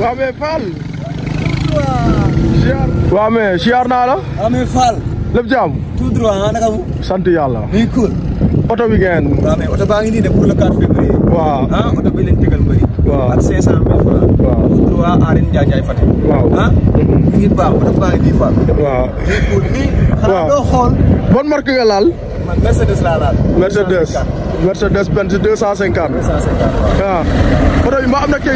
waaw mais Fall. siyaar. waaw mais siyaar naa la. waaw ah, ah, yàlla. muy cool. oto bi ngeen. waaw baa ngi nii de pour le 4 février. waaw ah oto bi lañ tegal mbëri. ak 500000 francs. waaw tout ah? mhm. oto baa ngi nii Fall. waaw muy cool nii. doo xool. bonne marque nga Mercedes laa laal. Mercedes. Mercedes Benz cent cinquante. waaw. waaw ma am na ah.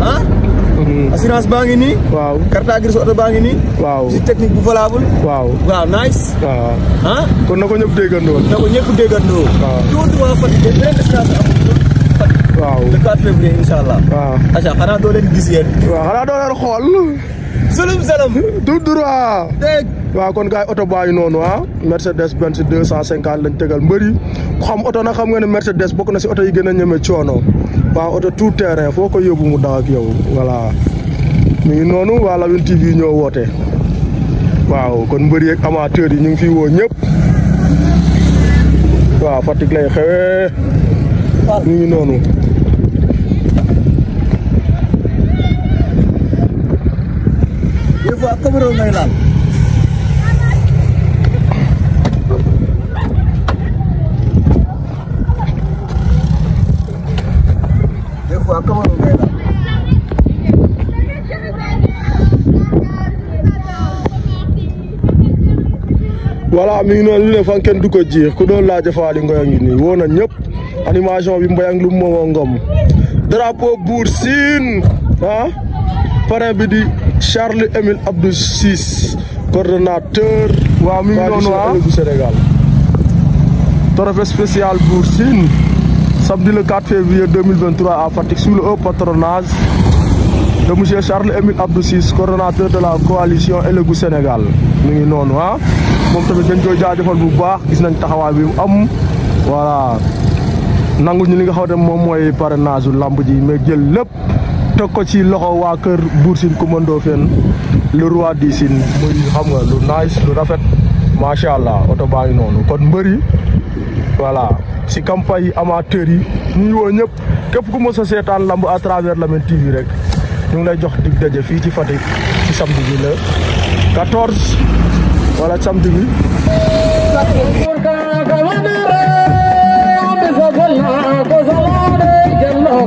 ah. baa ngi nii. waaw carte grise baa ngi ni waaw visite technique bu valable. waaw nice. waaw ah. kon na ko ñëpp déggandoo. na ko ñëpp déggandoo. waaw tuuti waa Fatick de beneen waaw le 4 février incha acca xanaa doo leen gis waaw xanaa doo leen xool. sulum salum du droit waaw kon gars yi oto baa ngi noonu ah Mercedes Benz deux cent cinquante lañ tegal mbëri xam oto na xam nga ne Mercedes bokk na si oto yi gën a ñeme coono waaw oto tout terrain foo ko yóbbu mu daw yow voilà mi ngi noonu waa Lawin TV ñoo woote waaw kon mbëri yeeg amateurs yi ñu ngi fi woo ñëpp waaw Fatick lay xewee ñu noonu Cameroon Thailand. Dia buat Cameroon Thailand. voilà mi ngi noonu lu ne fan kenn du ko ji ku doon laaj Faly Ngoye ngi nii woo na animation bi Mbayang Loum Momo Ngom drapeau Bour Sine ah parrain bi di Charles Emile Abdou Sis coordinateur wa million ngi du Sénégal trophée spécial pour Sine samedi le 4 février 2023 à Fatick sous le haut patronage de monsieur Charles Emile Abdou Sis coordinateur de la coalition Ëllëgu Sénégal mi ngi noonu ah mom tamit dañ koy jaajëfal bu baax gis nañ taxawaay bi am voilà ñu li nga xam ne moom mooy parrainage lamb ji me jël lepp teg ko ci loxo waa kër Buur Sine Coumba Ndoffène le roi di Sine muy xam nga lu nice lu rafet macha allah oto baa ngi kon mbër voilà si campagne yi amateur yi ñu woo ñëpp képp ku mos a seetaan lamb à travers Lamyn TV rek ñu ngi lay jox dig daje fii ci Fatick ci samedi bi le 14 voilà samedi bi.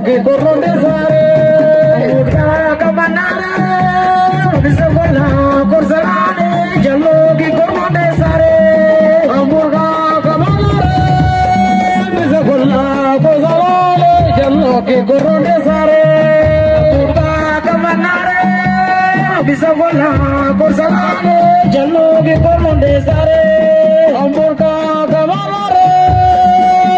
que corronde bisa wala ko sarare jalo ge ko munde sare amur ka kamalare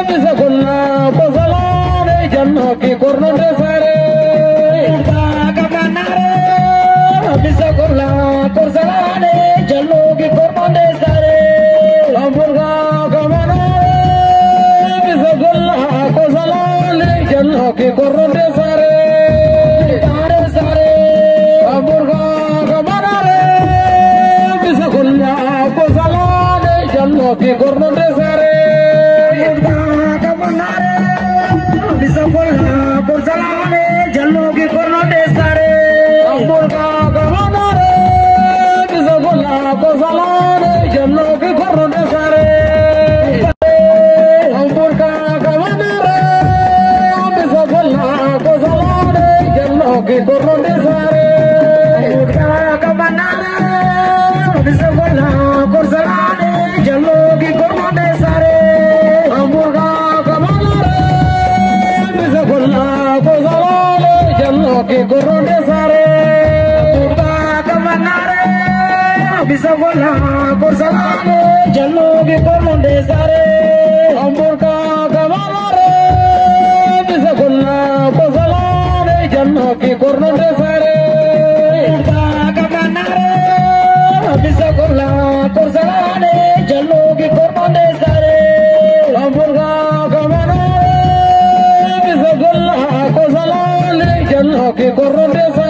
bisa kulla ko sarare jalo ge ko munde sare ka kamalare bisa kulla ko sarare jalo ge ko munde sare amur ka kamalare bisa kulla ko sarare jalo ge ko munde sare como que के गुरु ने सारे बिसवला कुरसलाने जनोगे को मुंडे सारे अंबुर का गवाना रे बिसवला के जनोगे कुरनुंडे सारे का गवाना रे अभी सब बिसवला कुरसलाने जनोगे correr esa